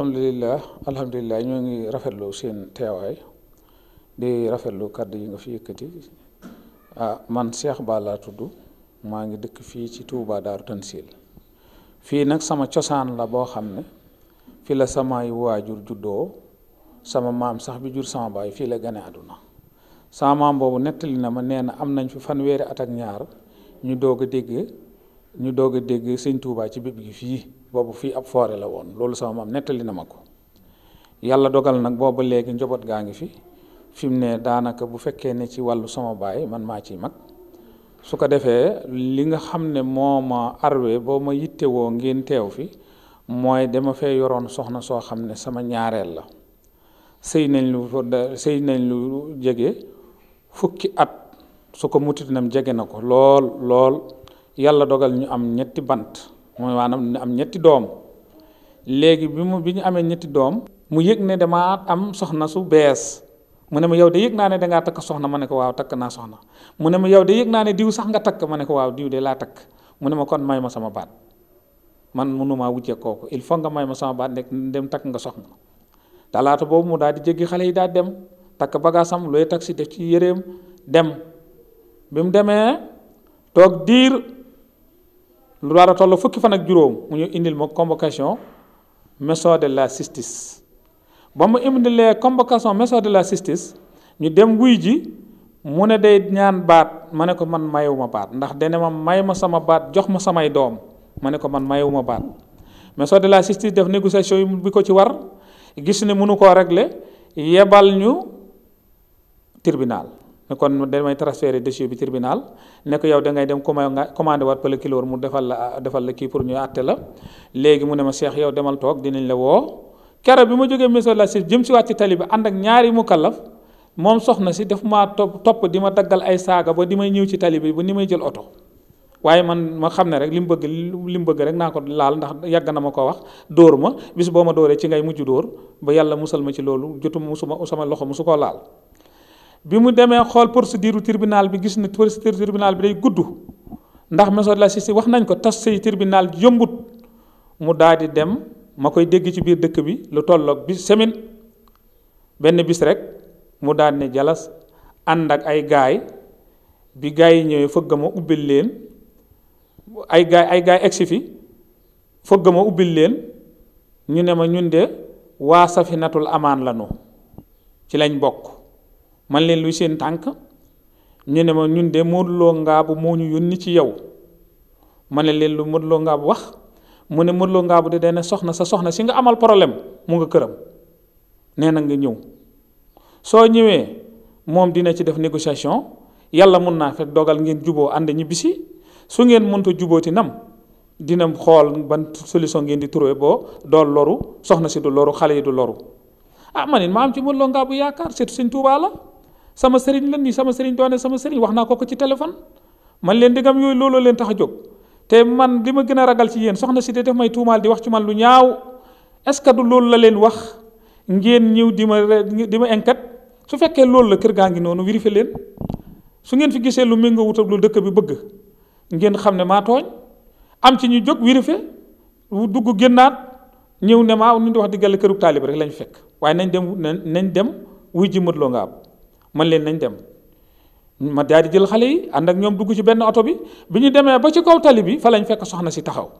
alhamdulilah alhamdulilah ñoo ngi rafetlu seen teewaay di rafetlu kàddu yi nga fi yëkkati ah, man seex Ba laa tudd maa ngi dëkk fii ci Touba Daaru Tansil fii nag sama cosaan la boo xam ne fii la samay waajur juddoo sama maam sax bi jur sama baay fii la gane àdduna sama maam boobu nettali na ma nee am nañ fi fanweeri at ak ñaar ñu doog a dégg ñu doog a dégg sëñ Touba ci bépp gi fii boobu fii ab foore la woon loolu sama maam nettali na ma ko yàlla dogal nag booba léegi njaboot gaa ngi fi fi mu ne daanaka bu fekkee ne ci wàllu sama baay man maa ciy mag su ko defee li nga xam ne moo ma arwe boo ma yittewoo ngeen teew fi mooy dama fee yoroon soxna soo xam ne sama ñaareel la sëy nañ lu sëy nañ lu jege fukki at su ko mutit nam jege na ko lool lool yàlla dogal ñu am ñetti bant mooy maanaam ñu am ñetti doom léegi bi mu bi ñu amee ñetti doom mu yëg ne damaa am soxna su bees mu ne ma yow de yëg naa ne dangaa takk soxna ma ne ko waaw takk naa soxna mu ne ma yow de yëg naa ne diw sax nga takk ma ne ko waaw diw de laa takk mu ne ma kon may ma sama baat man mënumaa wujje kooku il faut nga may ma sama baat nekk dem takk nga soxna talaata boobu mu daal di jéggi xale yi daal dem takk bagaasam looy taksi def ci yéreem dem bi mu demee toog diir lu avons a fukki fan ak juróom ñu convocation de la justice ba mu indilee convocation de la justice ñu dem wuy ji mu ne day ñaan baat ma ko man mayuma baat ndax dene ma sama baat jox de la justice def négociation yi ko ci war gis ne nous koo régler tribunal ne kon damay transféré dossier bi tribunal ne ko yow da ngay dem commandé waat procureur mu defal la defal la kii pour ñu àtte la léegi mu ne ma Cheikh yow demal toog dinañ la woo keroog bi ma jógee maison de la justice jëm si waat ci tali bi ànd ñaari mukallaf moom soxna si daf maa topp topp di ma daggal ay saaga ba di may ñëw ci tali bi ba ni may jël oto waaye man ma xam ne rek li mu bëgg li mu bëgg rek naa ko laal ndax yàgg na ma ko wax dóor ma bis boo ma dóoree ci ngay mujj dóor ba yàlla musal ma ci loolu jotu musuma sama loxo musu koo laal bi mu demee xool procédure tribunal bi gis ne procédure tribunal bi day gudd ndax méthode la si wax nañ ko tas say tribunal yombut mu daal di dem ma koy dégg ci biir dëkk bi lu tolloog bi semaine benn bis rek mu daal ne jalas ànd ak ay gaay bi gaay yi ñëwee fëgg ma ubbil leen ay gaay ay gaay egsi fi fëgg ma ubbil leen ñu ne ma ñun de waa safinatul amaan lanu ci lañ bokk man leen luy seen tank ñu ne ma ñun de modlo ngaabu mo ñu yoni ci yow man ne leen lu modlo ngaabu wax mu ne modlo ngaabu de dana soxna sa soxna si nga amal problème mu nga kërëm neena nga ñew so ñewé moom dina ci def négociation yalla mën na fek dogal ngeen juboo ñi bisi su ngeen mënta jubooti nam dina xol ban solution ngeen di trouver bo do loru soxna si du loru xalé yi du loru ah man ma am ci moduloo ngaabu yaakaar c'est sëñ touba la sama sëriñ la nii sama sëriñ doone sama sëriñ wax naa ko ko ci téléphone man leen digam yooyu looloo leen tax a jóg te man li ma gën a ragal ci yéen soxna si de def may tuumaal di wax ci man lu ñaaw est-ce que du loolu la leen wax ngeen ñëw di ma di ma enquête su fekkee loolu la kër gaa ngi noonu vérifié leen su ngeen fi gisee lu méngoo wut ak lu dëkk bi bëgg ngeen xam ne maa tooñ am ci ñu jóg vérifié dugg génnaat ñëw ne maa nu di wax diggale këru taalib rek lañ fekk waaye nañ dem nañ dem wuy ji mët loo man leen nañ dem ma daal di jël xale yi ànd ak ñoom dugg ci benn oto bi bi ñu demee ba ci kaw tali bi fa lañ fekk soxna si taxaw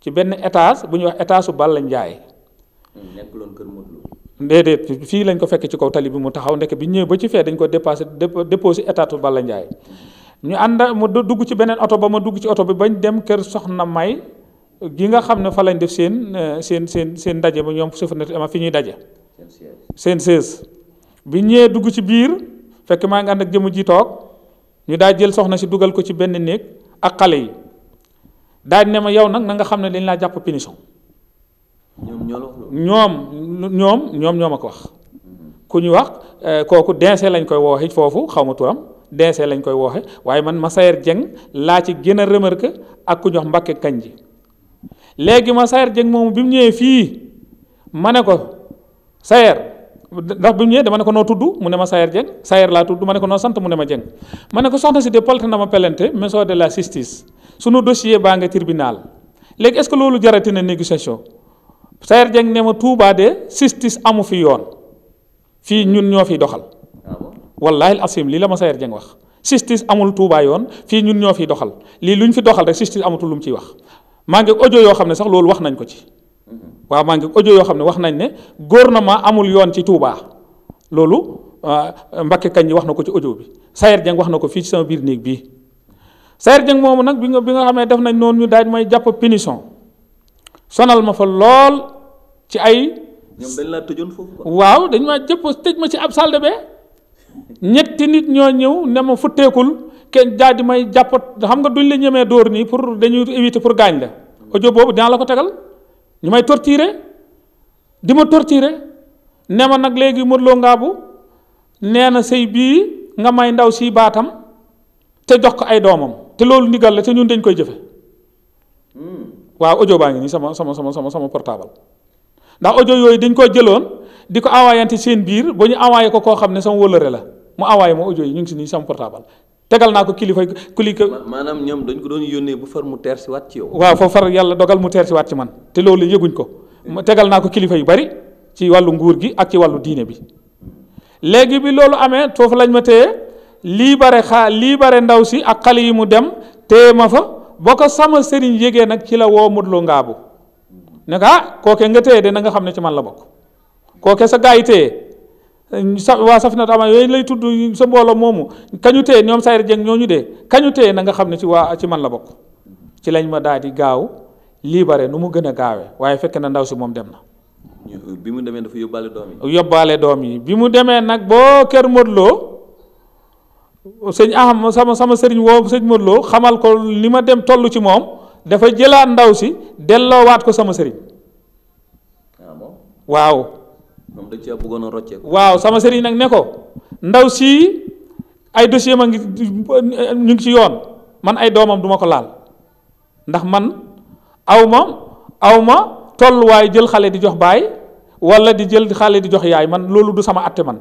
ci benn étage bu ñuy wax étage su bal lañ jaay nekkuloon kër Modou déedéet fii lañ ko fekk ci kaw tali bi mu taxaw ndek bi ñëwee ba ci fee dañ ko dépassé déposé étage su bal la njaay ñu ànd mu dugg ci beneen oto ba ma dugg ci oto bi bañ dem kër soxna may gi nga xam ne fa lañ def seen euh, seen seen seen dajje ba ñoom sufa na fi ñuy dajje. seen 16 bi ñëwee dugg ci biir fekk ma nga ànd ak jëmu ji tok ñu daal jël soxna ci duggal ko ci benn néeg ak xale yi daal ne ma yow nag na nga xam ne la laa jàpp punition ñoom ñoom ñoom ñoom ak wax ku ñu wax eh, kooku dense lañ koy wooxe foofu xaw turam dense lañ koy wooxe waaye man Massayer jeng, laa ci gën a remarque ak ku ñu wax Mbacke Kanji léegi Massayer Dieng moomu bi mu ñëwee fii ma ne ko Sayer ndax bi mu ñëwee dama ne ko noo tudd mu ne ma Sayer Dieng Sayer laa tudd ma ne ko noo sant mu ne ma Dieng ma ne ko soxna si de polte na ma pelente maison de la justice sunu dossier baa ngi tribunal léegi est ce que loolu jarati na négociation Sayer Dieng ne ma tuubaa de justice amu fi yoon fii ñun ñoo fi doxal. Ah wallaahi al asim lii la ma Sayer Dieng wax justice amul Touba yoon fii ñun ñoo fiy doxal lii lu fi doxal rek justice amatul lu mu ciy wax maa ngi yoo xam ne sax loolu wax nañ ko ci. Mm-hmm. waaw maa ngi audio yoo xam ne wax nañ ne góor na ma amul yoon ci Touba loolu euh, Mbacke Kañ wax na ko ci audio bi Sayer wax na ko fii ci sama biir néeg bi Sayer Dieng moomu nag bi nga bi nga xam ne nañ noonu ñu daal may jàpp pénition sonal ma fa lool ci ay. ñoom dañ laa jëpp tëj ma ci ab salle de ñetti nit ñoo ñëw ne ma futteekul kenn daal di may jàpp xam nga duñ la ñemee dóor nii pour dañuy éviter pour gaañ la audio boobu dinaa la ko tegal. ni may torturer di ma torturer ne ma legui léegi mënuloo ngaabu nee na sëy nga may ndaw si batam te jox ko ay domam te lolou ndigal la te ñun dañ koy hmm waaw audio baangi ni sama sama sama sama sama portable ndax audio yoy dañ ko jëlone diko awayanti seen bir bo ñu envoyé ko ko xamne sama wëlëre la mu envoyé ma audio yi ñu ngi ni sama portable tegal naa ko kilifa kilifa. maanaam ñoom dañ ko doon yónnee bu far mu teer si waat ci yow. waaw foofu far yàlla dogal mu teer si waat ci man te loolu yëguñ ko tegal naa ko kilifa yu bari ci wàllu nguur gi ak ci wàllu diine bi léegi bi loolu amee foofu lañ ma téye lii bare xaa lii bare ndaw si ak xale yi mu dem téye ma fa boo ko sama sëriñ yégee nag ci la woo Modou Lo Ngabou ne ah kooke nga téye de na nga xam ne ci man la bokk kooke sa gaa yi sa waa safinatu amaan yooyu lay tudd sa mbooloo moomu kañu téye ñoom Sayar ñoo ñu dee kañu téye na nga xam ne ci waa ci man la bokk ci lañ ma daal di gaaw libéré nu mu gën a gaawee waaye fekk na ndaw si moom dem na. bi mu demee dafa yóbbaale doom yi. yóbbaale doom bi mu demee nag boo kër Modou Lo sëñ aham sama sama sëriñ woo sëñ Modou xamal ko li ma dem tollu ci moom dafa jëlaat ndaw si delloowaat ko sama sëriñ. Ah waaw. moom da cee bëggoon a rocceeku. waaw sama sëriñ nag ne ko ndaw sii ay dossier a ngi ñu ngi ci yoon man ay doomam duma ko laal ndax man aw ma aw ma jël xale di jox baay walla di jël xale di jox yaay man loolu du sama atte man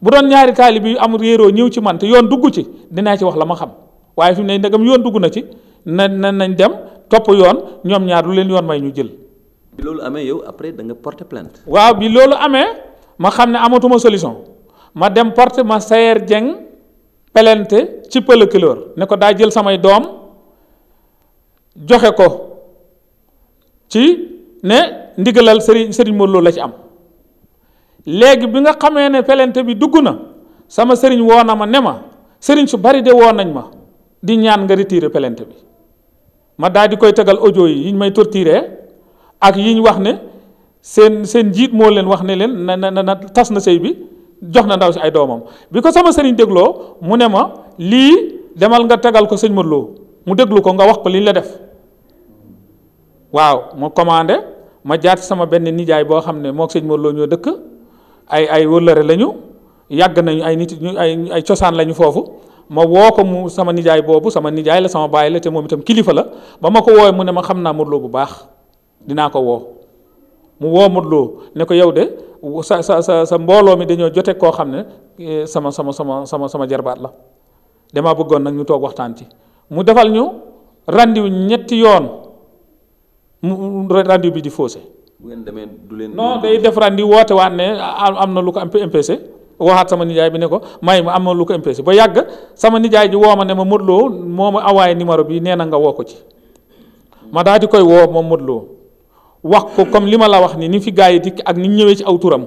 bu doon ñaari taali bi am réeroo ñëw ci man te yoon dugg ci dinaa ci wax la ma xam waaye fi ne ndegam yoon dugg na ci na nañ dem topp yoon ñoom ñaar lu leen yoon may ñu jël. bi ame yo après da nga porter plainte. waaw bi loolu amee ma xam ne amatuma solution ma dem porte ma Sayer Dieng plainte ci procureur ne ko daa jël samay dom, joxe ko ci ne ndigalal Serigne Serigne Mor loolu la ci am léegi bi nga xamee ne plainte bi dugg sama Serigne woo na ma ne ma Serigne su bari de woo nañ ma di ñaan nga retirer plainte bi ma daal di koy tegal audio yi yiñ may torturer. ak yi ñu wax ne seen seen njiit moo leen wax ne leen na na na tas na sëy bi jox na ndaw si ay doomam bi ko sama sëriñ dégloo mu ne ma lii demal nga tegal ko sëñ Modou mu déglu ko nga wax ko li ñu la def waaw ma commandé ma jaar sama benn nijaay boo xam ne moog sëñ Modou Lo ñoo dëkk ay ay wëllëre lañu yàgg nañu ay nit ñu ay ay cosaan lañu foofu ma woo ko mu sama nijaay boobu sama nijaay la sama baay la te moom itam kilifa la ba ma ko woowee mu ne ma xam naa Modou Lo dinaa ko woo mu woo Modou ne ko yow de sa sa sa sa mbooloo mi dañoo jote koo xam ne eh, sama sama sama sama sama jarbaat la damaa bëggoon nag ñu toog waxtaan ci mu defal ñu rendez ñetti yoon mu rendez-vous bi di faussé. bu ngeen du leen. non day def rendez woote waat ne am na lu ko empêché waxaat sama nijaay bi ne ko may mu am na lu ko empêché ba yàgg sama nijaay ji woo ma ne ma Modou Lo moo ma awaaye numéro bi nee na nga woo ko ci ma daal di koy woo moom Modou wax ko comme li ma la wax ni ni fi gaa yi dikk ak ni ñëwee ci aw turam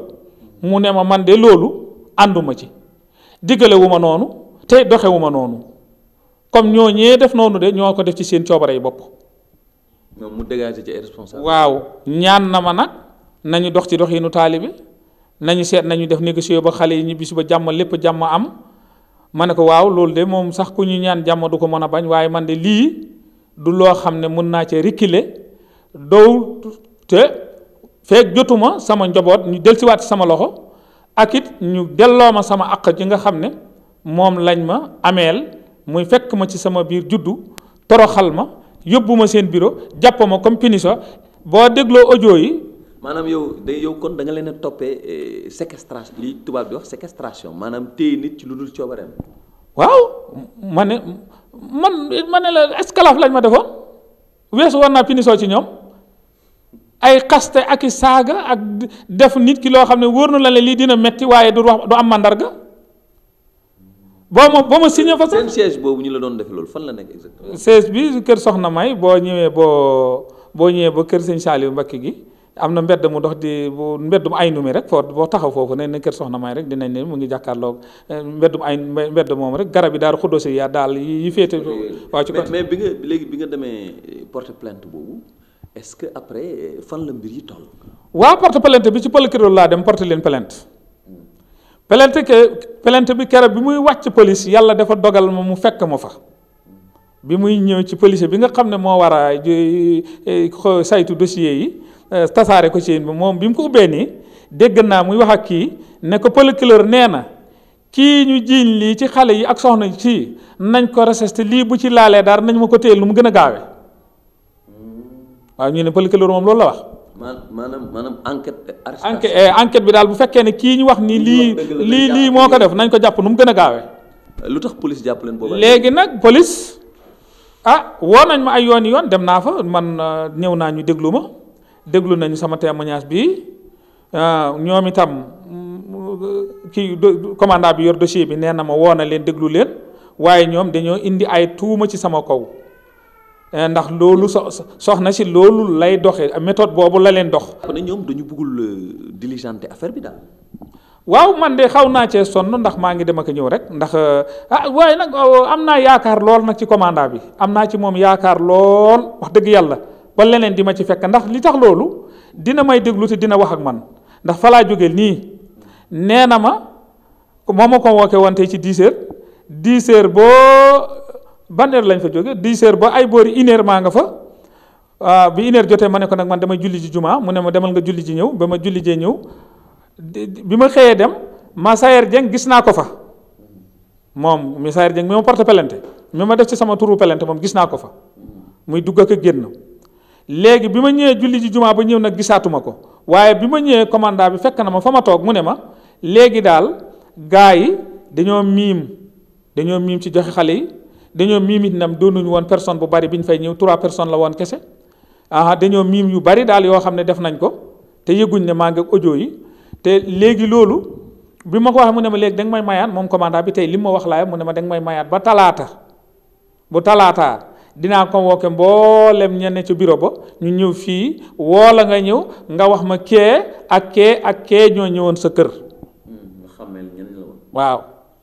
mu ne ma man de loolu ànduma ci diggale ma noonu te doxewuma noonu comme ñoo ñee def noonu de ñoo ko def ci seen coobare yi bopp. mu dégager ci responsable. waaw ñaan na ma nag nañu dox ci dox yi nu taalibe nañu seet nañu def négocier ba xale yi ñu ba jàmm lépp jàmm am ma ne ko waaw loolu de moom sax ku ñu ñaan jàmm du ko mën a bañ waaye man de lii du loo xam ne mën naa cee reculer. dow te feeg jotuma sama njaboot ñu delsiwaat sama loxo ak it ñu delloo ma sama àq ji nga xam ne moom lañ ma ameel muy fekk ma ci sama biir juddu toroxal ma yóbbu ma seen bureau jàpp ma comme punition boo dégloo audio yi. maanaam yow day yow kon da leen a toppee euh, séquestration lii tubaab di wax séquestration maanaam téye nit ci lu dul coobareem. waaw ma ne man ma ne la esclave lañ ma defoon weesu war naa punition ci ñoom. ay xaste ak i saaga ak def nit ki loo xam ne wóor na la ne lii dina metti waaye du wax du am màndarga boo ma boo ma signé fa sax. boobu ñu la doon defee loolu fan la nekk exactement. bi kër Soxna May boo ñëwee boo boo ñëwee ba kër sëñ Saliou Mbacké gi am na mbedd mu dox di bu mbeddum ay numi rek foo boo taxaw foofu ne ne kër Soxna May rek dinañ ne mu ngi jàkkaarloog mbeddum eh, ay mbedd moom rek garab yi daal xuddoo si yaa daal yi féete. waa ci côté mais bi nga léegi bi nga demee porte plainte boobu. est-ce que après euh, fan la mbir yi toll. waaw porte plainte bi ci procureur laa dem porte leen plainte plainte que plainte bi keroog bi muy wàcc police yàlla dafa dogal ma mu fekk ma fa. bi muy ñëw ci policier bi nga xam ne moo war a eh, eh, saytu dossier yi eh, tasaare ko ci bi moom bi mu ko ubbee nii dégg naa muy wax ak kii ne ko procureur nee na kii ñu jiiñ lii ci xale yi ak soxna ci nañ ko recherche lii bu ci laalee dara nañ ma ko téye lu mu gën a gaawee waaw ñu ne pëlkaloor moom loolu la wax. maanaam maanaam enquête. enquête eh, enquête bi daal bu fekkee ne kii ñu wax ni lii lii lii moo ko def nañ ko jàpp nu mu gën a gaawee. lu tax police jàpp leen booba. léegi nag police ah woo nañ ma ay yoon yoon dem naa fa man euh, ñëw naa ñu déglu ma déglu nañu sama témoignage bi euh, ñoom itam mm, kii commandant bi yor dossier bi nee na ma woo na leen déglu leen waaye ñoom dañoo indi ay tuuma ci sama kaw. Eh, ndax loolu so soxna si loolu lay doxee méthode boobu la leen dox. kon ñoom dañu bëggul euh, diligenter affaire bi daal. waaw man de xaw naa cee sonn ndax maa ngi dem ak ñëw rek ndax euh, ah waaye nag oh, am naa yaakaar lool nag ci commandant bi am naa ci moom yaakaar lool wax dëgg yàlla ba leneen di ma ci fekk ndax li tax loolu dina may déglu te dina wax ak man ndax falaa laa jóge nii nee na ma moo ma convoqué woon tey ci 10 heures boo ban heure lañ fa jóge dix ba ay boori une maa nga fa ah, bi une heure jotee ma ne ko nag man damay julli ji jumaa mu ne ma demal nga julli ji ñëw ba ma julli jee ñëw bi ma xëyee dem Massaer Dieng gis naa ko fa moom Massaer Dieng mi ma porte pelente ma def ci sama turu pelente moom gis naa ko fa muy dugg ak a génn léegi bi ma ñëwee julli ji jumaa ba ñëw nag gisaatuma ko waaye bi ma ñëwee commandant bi fekk na ma fa ma toog mu ne ma léegi daal gaa yi dañoo miim dañoo miim ci joxe xale yi dañoo miim it nam doonuñu woon personne bu bari bi ñu fay ñëw trois personnes la woon kese dañoo miim yu bari daal yoo xam ne def nañ ko te yëguñ ne maa ngi ak yi te léegi loolu bi ma ko waxee mu ne ma léegi da nga may mayaat moom commandant bi tey li ma wax laay mu ne ma da nga may ba talaata bu talaataa dinaa convoqué mboolem ñenn ci bureau ba ñu ñëw fii woo la nga ñëw nga wax ma kee ak kee ak kee ñoo ñëwoon sa kër. Hmm, waaw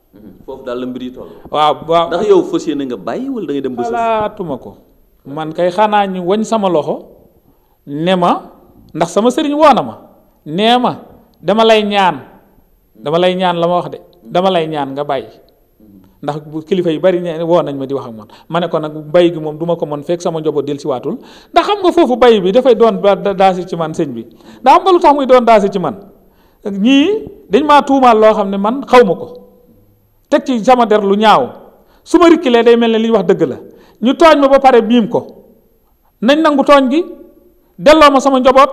Mhm. fof dal la mbir yi toll. waaw waaw ndax yow fas yéene nga bayyi wala da ngay dem. ba xalaatuma ko man kay xanaa ñu wañ sama loxo ne ma ndax sama sëriñ woo ma nee ma dama lay ñaan dama lay ñaan la ma wax de dama lay ñaan nga bayyi ndax kilifa yu bari ne woo nañ ma di wax ak man ma ne ko nag bay gi moom duma ko mën fekk sama njaboot del si waatul ndax xam nga foofu bay bi dafay doon daasi ci man sëñ bi ndax xam nga lu tax muy doon daasi ci man ñii dañ maa tuumaal loo xam ne man xaw teg ci sama der lu ñaaw su ma rikkilee day mel ne li wax dëgg la ñu tooñ ma ba pare biim ko nañ nangu tooñ gi delloo ma sama njaboot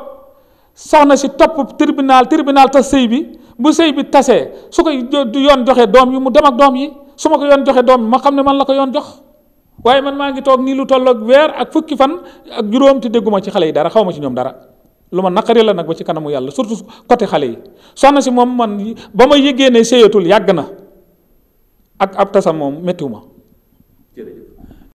soxna si topp tribunal tribunal tas sëy bi bu sëy bi tasee su ko yoon joxe doom yi mu dem ak doom yi su ma ko yoon joxe doom yi ma xam ne man la ko yoon jox waaye man maa ngi toog nii lu tolloog weer ak fukki fan ak juróom te dégguma ci xale yi dara xaw ma ci ñoom dara lu ma naqari la nag ba ci kanamu yàlla surtout xale yi soxna si moom man ba ma yëgee ne séyatul yàgg na ak ab tasam moom méttiwu